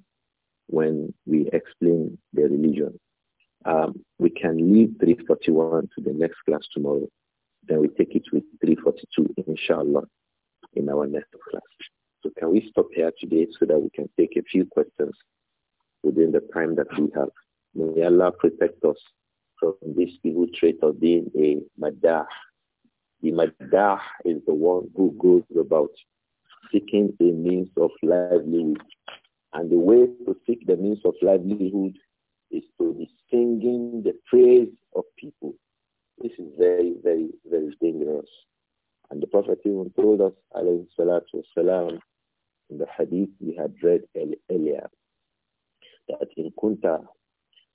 [SPEAKER 1] when we explain the religion. Um, we can leave 341 to the next class tomorrow. Then we take it with 342, inshallah, in our next class. So can we stop here today so that we can take a few questions within the time that we have? May Allah protect us from this evil trait of being a madah. The madah is the one who goes about seeking a means of livelihood. And the way to seek the means of livelihood is to be singing the praise of people. This is very, very, very dangerous. And the Prophet even told us, alayhi salatu Salam, in the hadith we had read earlier, that in kunta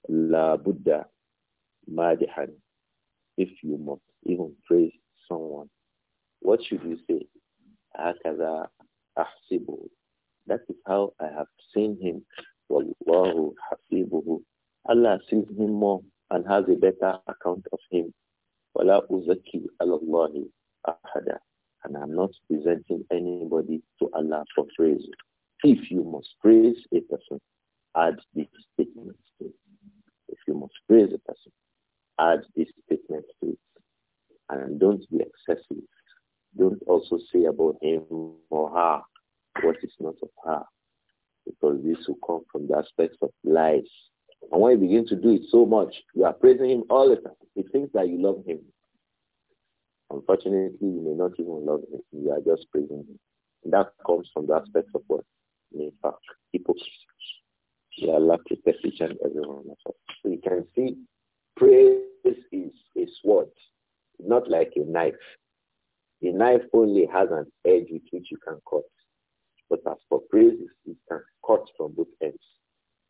[SPEAKER 1] la buddha madihan, if you must even praise someone, what should you say? Akaza ahsibu. That is how I have seen him. Wallahu hasibuhu. Allah sees him more and has a better account of him. Wala uzaki alallahi ahada. And I'm not presenting anybody to Allah for praise. If you must praise a person, add this statement. If you must praise a person, add this statement to it. And don't be excessive. Don't also say about him or her what is not of her. Because this will come from the aspects of lies. And when you begin to do it so much, you are praising him all the time. He thinks that you love him. Unfortunately, you may not even love him. You are just praising him. And that comes from the aspects of what? In fact, people. May Allah protect each and every one of us. So you can see Praise is a sword, not like a knife. A knife only has an edge with which you can cut. But as for praise, it can cut from both ends.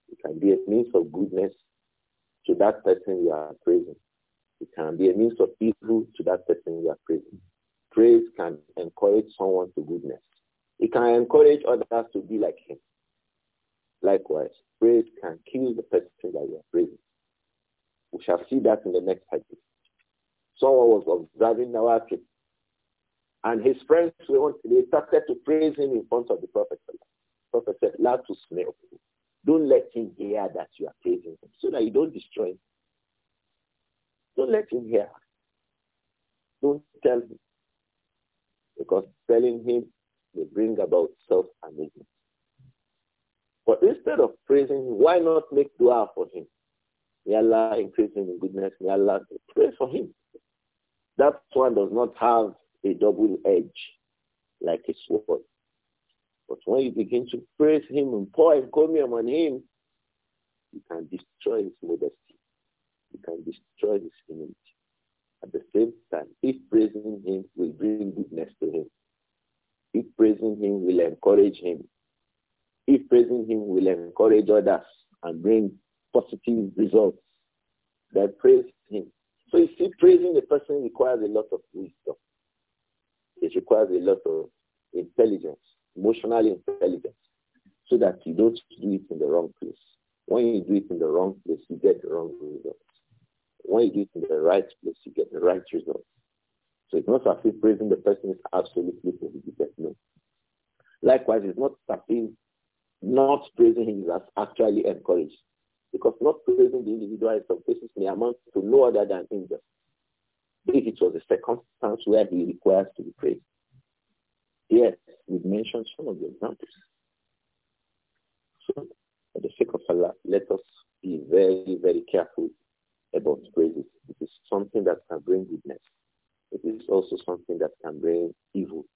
[SPEAKER 1] It can be a means of goodness to that person you are praising. It can be a means of evil to that person you are praising. Praise can encourage someone to goodness. It can encourage others to be like him. Likewise, praise can kill the person that you are praising. We shall see that in the next hadith. Someone was observing Nawafil. And his friends were they started to praise him in front of the Prophet. The Prophet said, La to smell. Don't let him hear that you are praising him so that you don't destroy him. Don't let him hear. Don't tell him. Because telling him will bring about self-amazement. But instead of praising him, why not make dua for him? May Allah increase him in goodness. May Allah pray for him. That one does not have a double edge like a sword. But when you begin to praise him and pour encomium on him, you can destroy his modesty. You can destroy his image. At the same time, if praising him will bring goodness to him. If praising him will encourage him. If praising him will encourage others and bring positive results that praise him. So you see, praising a person requires a lot of wisdom. It requires a lot of intelligence, emotional intelligence, so that you don't do it in the wrong place. When you do it in the wrong place, you get the wrong results. When you do it in the right place, you get the right results. So it's not as if praising the person is absolutely prohibited. No. Likewise, it's not as if not praising him is actually encouraged because not praising the individual in some cases may amount to no other than injury. if it was a circumstance where he requires to be praised. Yes, we've mentioned some of the examples. So, for the sake of Allah, let us be very, very careful about praises. It is something that can bring goodness. It is also something that can bring evil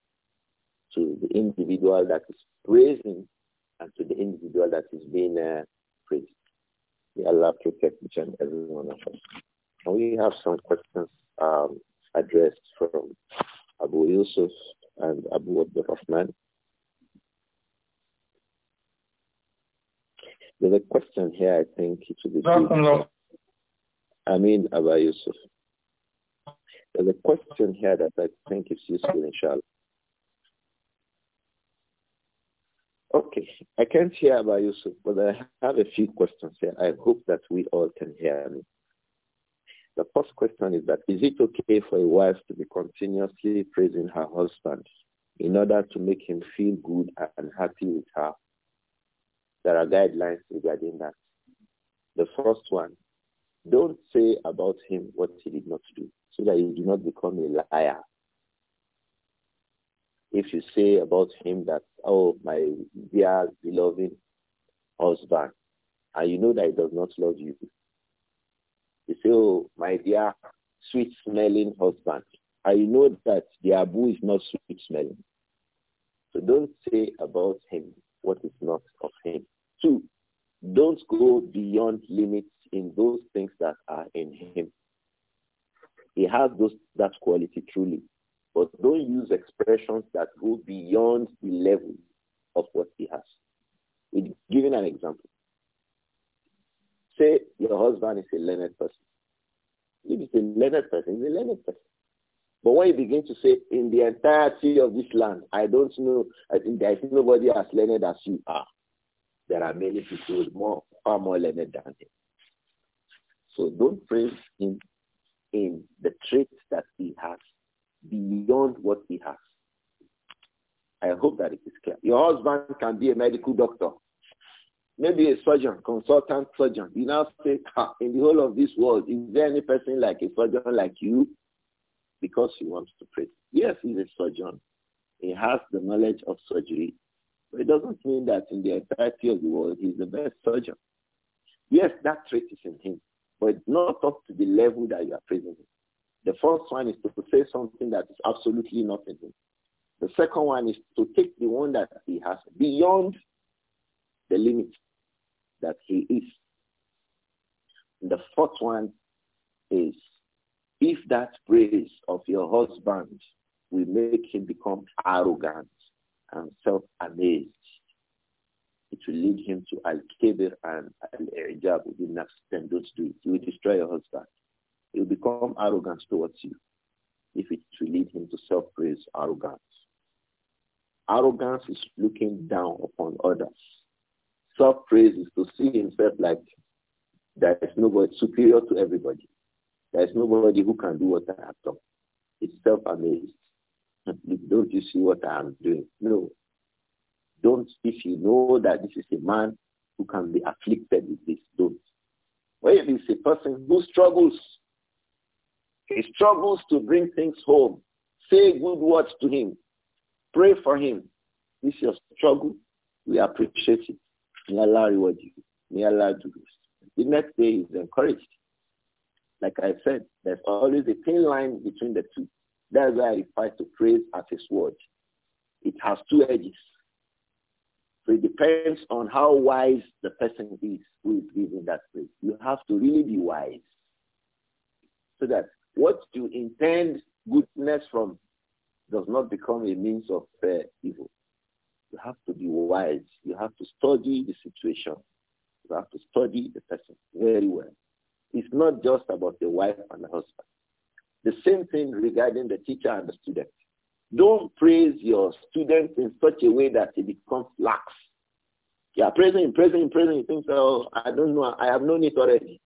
[SPEAKER 1] to the individual that is praising and to the individual that is being uh, praised. May Allah protect each and every one of us. And we have some questions um, addressed from Abu Yusuf and Abu Abdul Rahman. There's a question here, I think, to be. I mean, Abu Yusuf. There's a question here that I think is useful, inshallah. I can't hear about Yusuf, but I have a few questions here. I hope that we all can hear me. The first question is that is it okay for a wife to be continuously praising her husband in order to make him feel good and happy with her? There are guidelines regarding that. The first one, don't say about him what he did not do so that you do not become a liar. If you say about him that, oh, my dear beloved husband, and you know that he does not love you, you say, oh, my dear sweet-smelling husband, and you know that the Abu is not sweet-smelling. So don't say about him what is not of him. Two, don't go beyond limits in those things that are in him. He has those that quality truly. But don't use expressions that go beyond the level of what he has. giving an example. Say your husband is a learned person. If he's a learned person, he's a learned person. But when you begin to say, in the entirety of this land, I don't know, I think there is nobody as learned as you are. There are many people more, far more learned than him. So don't praise him in the traits that he has beyond what he has. I hope that it is clear. Your husband can be a medical doctor, maybe a surgeon, consultant surgeon. You now say, ah, in the whole of this world, is there any person like a surgeon like you? Because he wants to pray. Yes, he's a surgeon. He has the knowledge of surgery. But it doesn't mean that in the entirety of the world, he's the best surgeon. Yes, that trait is in him, but not up to the level that you are praising him. The first one is to say something that is absolutely nothing. The second one is to take the one that he has beyond the limit that he is. The fourth one is if that praise of your husband will make him become arrogant and self-amazed, it will lead him to al-kibir and al-i'jab. Don't do it. You will destroy your husband he'll become arrogant towards you if it will lead him to self-praise arrogance. Arrogance is looking down upon others. Self-praise is to see himself like there is nobody superior to everybody. There is nobody who can do what I have done. It's self-amazed. Don't you see what I am doing? No. Don't, if you know that this is a man who can be afflicted with this, don't. Well, if it's a person who struggles he struggles to bring things home. Say good words to him. Pray for him. This is your struggle. We appreciate it. May Allah reward you. May Allah do this. The next day is encouraged. Like I said, there's always a thin line between the two. That's why I refer to praise as his word. It has two edges. So it depends on how wise the person is who is giving that praise. You have to really be wise so that what you intend goodness from does not become a means of uh, evil. You have to be wise. You have to study the situation. You have to study the person very well. It's not just about the wife and the husband. The same thing regarding the teacher and the student. Don't praise your student in such a way that he becomes lax. You are praising, praising, praising. You think, oh, I don't know. I have known it already.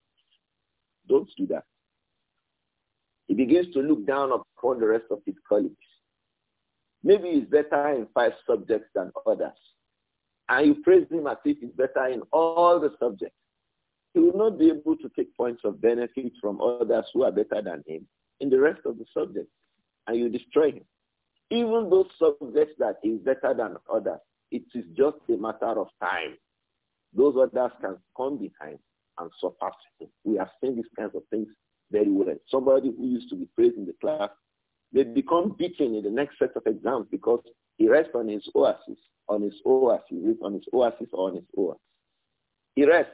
[SPEAKER 1] Don't do that. He begins to look down upon the rest of his colleagues. Maybe he's better in five subjects than others. And you praise him as if he's better in all the subjects. He will not be able to take points of benefit from others who are better than him in the rest of the subjects. And you destroy him. Even those subjects that he's better than others, it is just a matter of time. Those others can come behind and surpass him. We have seen these kinds of things very well. Somebody who used to be praised in the class, they become beaten in the next set of exams because he rests on his oasis, on his oasis, he rests on his oasis or on his oasis. He rests,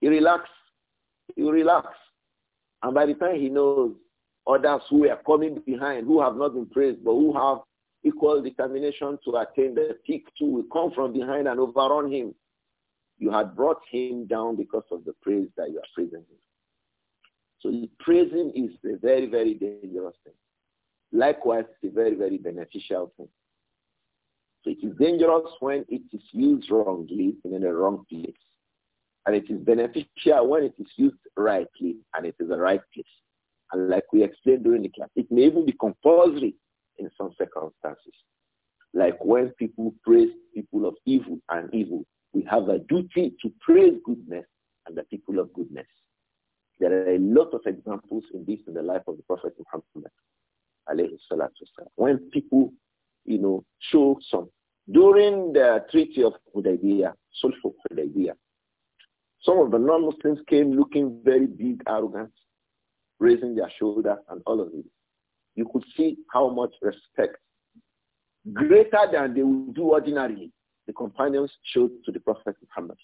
[SPEAKER 1] he relaxes, he relaxes. And by the time he knows others who are coming behind, who have not been praised, but who have equal determination to attain the peak too, will come from behind and overrun him. You had brought him down because of the praise that you are praising him. So praising is a very, very dangerous thing. Likewise, it's a very, very beneficial thing. So it is dangerous when it is used wrongly and in the wrong place. And it is beneficial when it is used rightly and it is the right place. And like we explained during the class, it may even be compulsory in some circumstances. Like when people praise people of evil and evil, we have a duty to praise goodness and the people of goodness. There are a lot of examples in this in the life of the Prophet Muhammad. When people, you know, show some during the Treaty of Hudaybiyah, Sulh of Hudaybiyah, some of the non-Muslims came looking very big, arrogant, raising their shoulder and all of it. You could see how much respect, greater than they would do ordinarily, the companions showed to the Prophet Muhammad.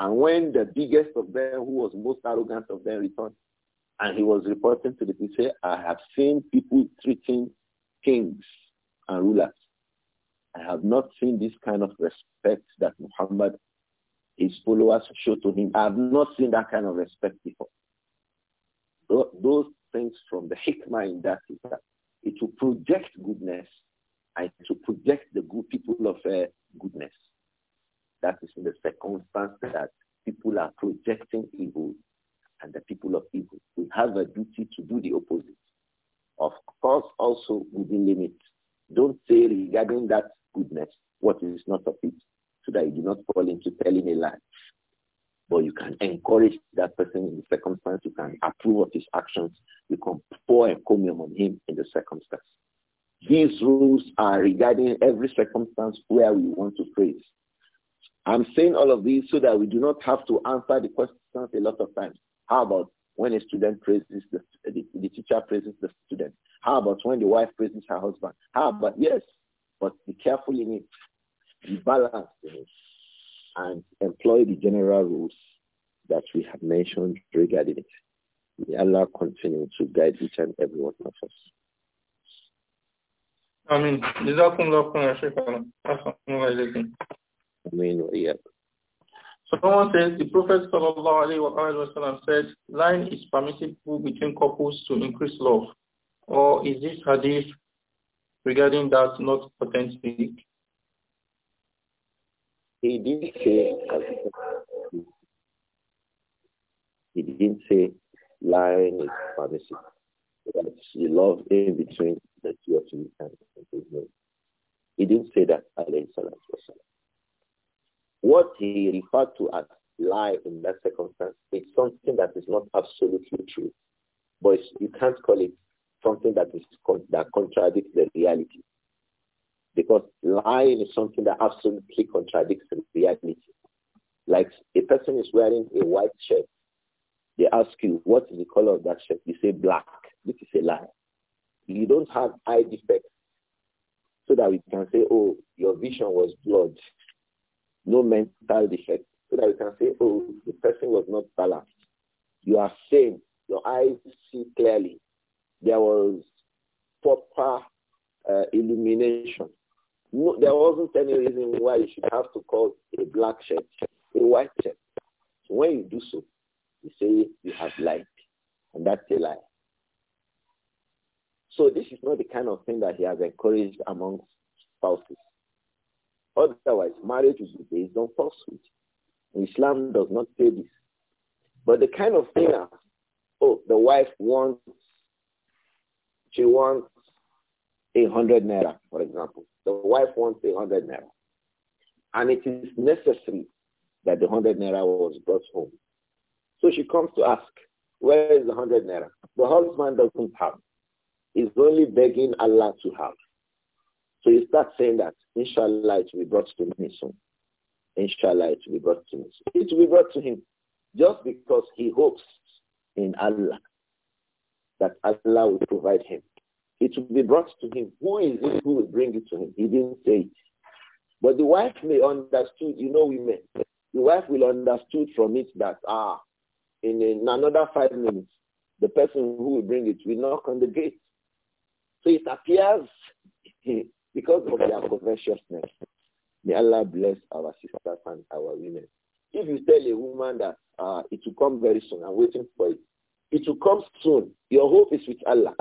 [SPEAKER 1] And when the biggest of them, who was most arrogant of them, returned, and he was reporting to the people, said, I have seen people treating kings and rulers. I have not seen this kind of respect that Muhammad, his followers show to him. I have not seen that kind of respect before. Those things from the hikmah in that is that it will project goodness and to project the good people of uh, goodness. That is in the circumstance that people are projecting evil and the people of evil. We have a duty to do the opposite. Of course, also within limits. Don't say regarding that goodness what is not of it so that you do not fall into telling a lie. But you can encourage that person in the circumstance. You can approve of his actions. You can pour encomium on him in the circumstance. These rules are regarding every circumstance where we want to praise. I'm saying all of these so that we do not have to answer the questions a lot of times. How about when a student praises the, the, the teacher praises the student? How about when the wife praises her husband? How about, yes, but be careful in it. Be balanced in it and employ the general rules that we have mentioned regarding it. May Allah continue to guide each and every one of us. Amen. Ameen wa Someone says the Prophet wasallam said, lying is permissible between couples to increase love. Or is this hadith regarding that not authentic? He didn't say he didn't say lying is permissible. That the love in between the two of you and He didn't say that alayhi salatu wasalam. What he referred to as lie in that circumstance is something that is not absolutely true, but you can't call it something that is that contradicts the reality, because lying is something that absolutely contradicts the reality. Like a person is wearing a white shirt, they ask you what is the color of that shirt, you say black. This is a lie. You don't have eye defects so that we can say, oh, your vision was blurred no mental defect, so that we can say, oh, the person was not balanced. You are sane. Your eyes see clearly. There was proper uh, illumination. No, there wasn't any reason why you should have to call a black shirt a white shirt. So when you do so, you say you have light, and that's a lie. So this is not the kind of thing that he has encouraged amongst spouses. Otherwise, marriage is be based on falsehood. Islam does not say this. But the kind of thing as, ah, oh, the wife wants, she wants a hundred naira, for example. The wife wants a hundred naira. And it is necessary that the hundred naira was brought home. So she comes to ask, where is the hundred naira? The husband doesn't have. He's only begging Allah to have. So you start saying that, inshallah, it will be brought to me soon. Inshallah, it will be brought to me soon. It will be brought to him just because he hopes in Allah that Allah will provide him. It will be brought to him. Who is it who will bring it to him? He didn't say it. But the wife may understood, you know women, the wife will understood from it that, ah, in, in another five minutes, the person who will bring it will knock on the gate. So it appears because of their covetousness. May Allah bless our sisters and our women. If you tell a woman that uh, it will come very soon, I'm waiting for it. It will come soon. Your hope is with Allah.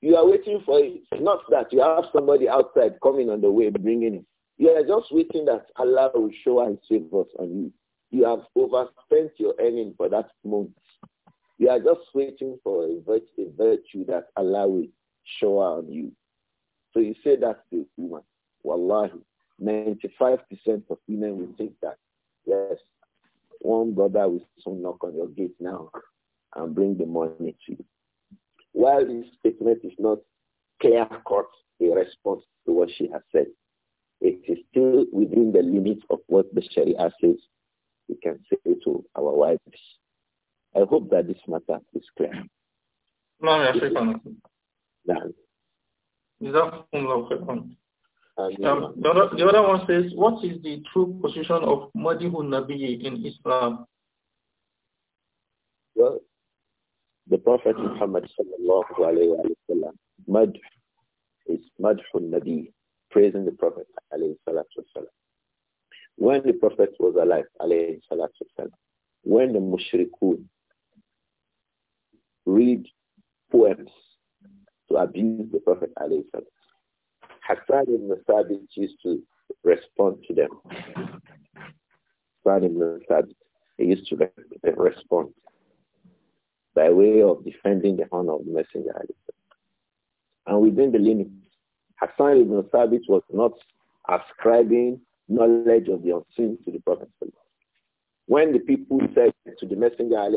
[SPEAKER 1] You are waiting for it. Not that you have somebody outside coming on the way bringing it. You are just waiting that Allah will show his us on you. You have overspent your earning for that month. You are just waiting for a virtue that Allah will show on you. So you say that to a woman. Wallahi, 95% of women will take that. Yes, one brother will soon knock on your gate now and bring the money to you. While this statement is not clear-cut a response to what she has said, it is still within the limits of what the Sharia says we can say to our wives. I hope that this matter is clear. No, no, uh, um, the other, the other one says, what is the true position of Madihun Nabi in Islam? Well, the Prophet Muhammad sallallahu alayhi wa sallam, madh is madhun nabi, praising the Prophet alayhi salatu When the Prophet was alive alayhi salatu when the mushrikun read poems to abuse the Prophet alayhi Hassan ibn Thabit used to respond to them. Hassan ibn Thabit, he used to respond by way of defending the honor of the Messenger And within the limits, Hassan ibn Thabit was not ascribing knowledge of the unseen to the Prophet. When the people said to the Messenger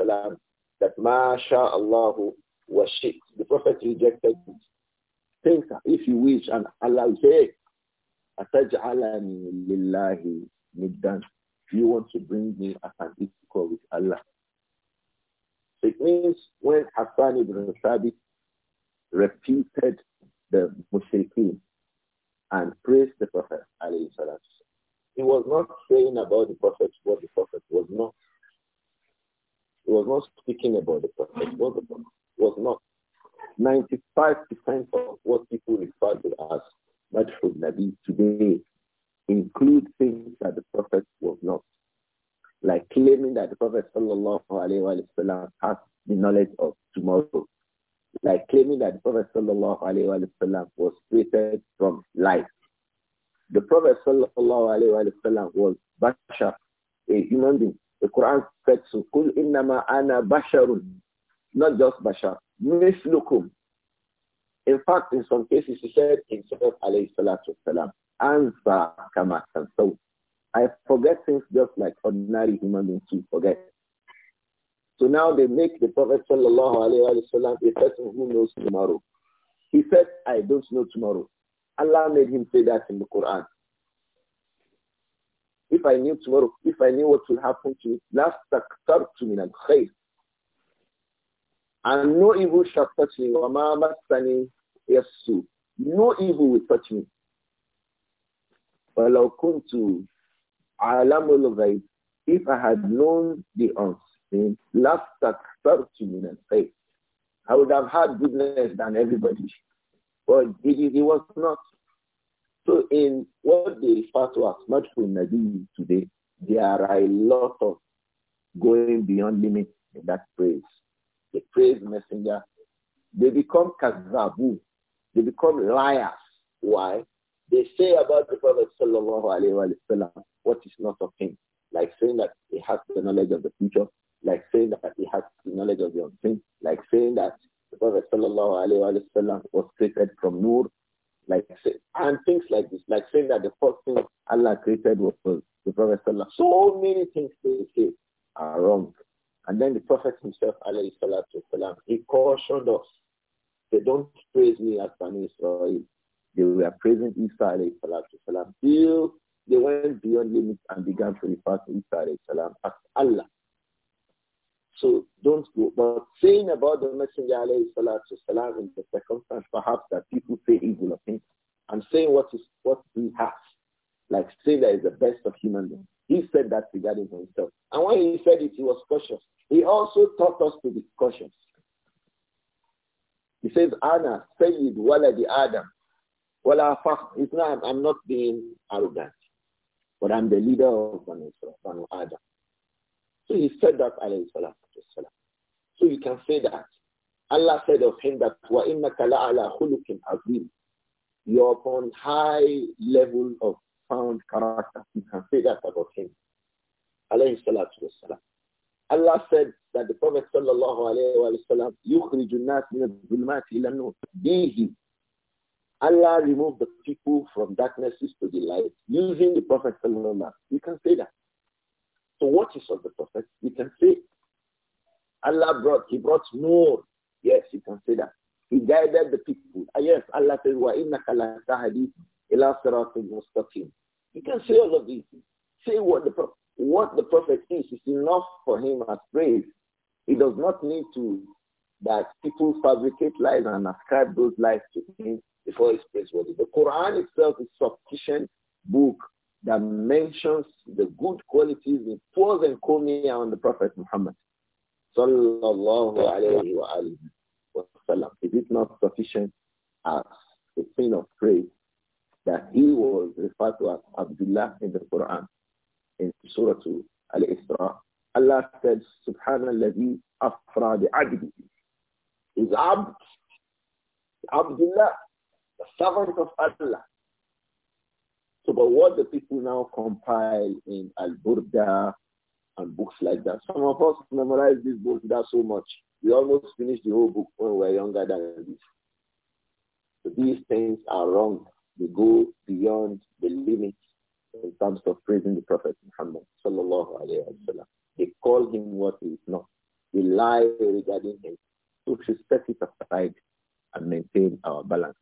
[SPEAKER 1] والسلام, that MashaAllahu worship. The Prophet rejected it. Think if you wish and Allah will say, Ataj'alani lillahi middan. You want to bring me as an equal with Allah. So it means when Hassan ibn Thabit repeated the mushrikeen and praised the Prophet, he was not saying about the Prophet what the Prophet was not. He was not speaking about the Prophet, what the Prophet was not. 95% of what people refer to as Madhul Nabi today include things that the Prophet was not. Like claiming that the Prophet sallallahu alayhi wasallam has the knowledge of tomorrow. Like claiming that the Prophet sallallahu alayhi wasallam was created from light. The Prophet sallallahu alayhi wasallam was bashar, a human being. The Quran said, so, قُلْ إِنَّمَا أَنَا not just Bashar, Miss Lukum. In fact, in some cases, he said himself, alayhi salatu wasalam, kama so I forget things just like ordinary human beings to forget. So now they make the Prophet sallallahu alayhi wa a person who knows tomorrow. He said, I don't know tomorrow. Allah made him say that in the Quran. If I knew tomorrow, if I knew what will happen to me, last to min al-khayr. And no evil shall touch me. Wama masani yasu. No evil will touch me. Walau kuntu alamul ghaib. If I had known the unseen, lastaktartu min al I would have had goodness than everybody. But it, it was not. So in what they refer to as multiple Nadi today, there are a lot of going beyond limits in that phrase the praise messenger, they become kazabu. They become liars. Why? They say about the Prophet sallallahu alaihi wasallam what is not of him, like saying that he has the knowledge of the future, like saying that he has the knowledge of the unseen, like saying that the Prophet sallallahu alaihi wasallam was created from nur, like say, and things like this, like saying that the first thing Allah created was the Prophet sallallahu. So many things they say are wrong. And then the Prophet himself, alayhi salatu wasalam, he cautioned us. They don't praise me as an Israel. They were praising Isa alayhi salatu wasalam. Till they went beyond limits and began to refer to Isa alayhi salam as Allah. So don't go. But saying about the Messenger alayhi salatu wasalam in the circumstance perhaps that people say evil of him, I'm saying what is what he has. Like say that is the best of human beings he said that regarding himself. And when he said it, he was cautious. He also taught us to be cautious. He says, Anna, Sayyid, waladi Adam. Wala It's not, I'm not being arrogant, but I'm the leader of Banu Adam. So he said that, alayhi salatu So you can say that. Allah said of him that, وانك ala لَعَلَى خُلُقٍ عَظِيمٍ You're upon high level of profound character. You can about him. Alayhi salatu wasalam. Allah said that the Prophet sallallahu alayhi wa sallam, يُخْرِجُ النَّاسِ مِنَ الظُّلْمَاتِ إِلَى النُّورِ Allah removed the people from darknesses to the light using the Prophet sallallahu alayhi wa You can say that. So what is of the Prophet? You can say Allah brought, he brought more. Yes, you can say that. He guided the people. Ah, yes, Allah said, وَإِنَّكَ لَتَهَدِي إِلَى صِرَاطٍ مُسْتَقِيمٍ you can say all of this. Say what the, what the prophet is is enough for him as praise. He does not need to that people fabricate lies and ascribe those lies to him before his praiseworthy. The Quran itself is sufficient book that mentions the good qualities it pours and comia on the Prophet Muhammad. Sallallahu alayhi wa Is it not sufficient as a thing of praise that he was referred to as Abdullah in the Quran, in Surah Al-Isra. Allah said, Subhanallah, afra bi'abdi. Is Abd, Abdullah, the servant of Allah. So, but what the people now compile in Al-Burda and books like that. Some of us memorize this book that so much. We almost finished the whole book when we were younger than this. So these things are wrong. They go beyond the limits in terms of praising the Prophet Muhammad sallallahu alayhi wa sallam. They call him what he is not. They lie regarding him. So we should set it aside and maintain our balance.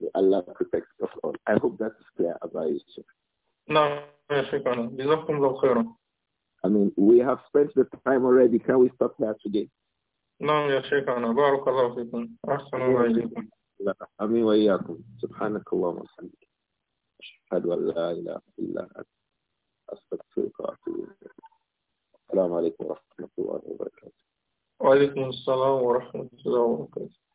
[SPEAKER 1] May Allah protect us all. I hope that is clear about you, sir. No, I mean, we have spent the time already. Can we stop there today? No, يا شيخنا بارك الله فيكم أحسن الله أمين وإياكم سبحانك اللهم وبحمدك أشهد أن لا إله إلا أنت أستغفرك وأتوب إليك السلام عليكم ورحمة الله وبركاته وعليكم السلام ورحمة الله وبركاته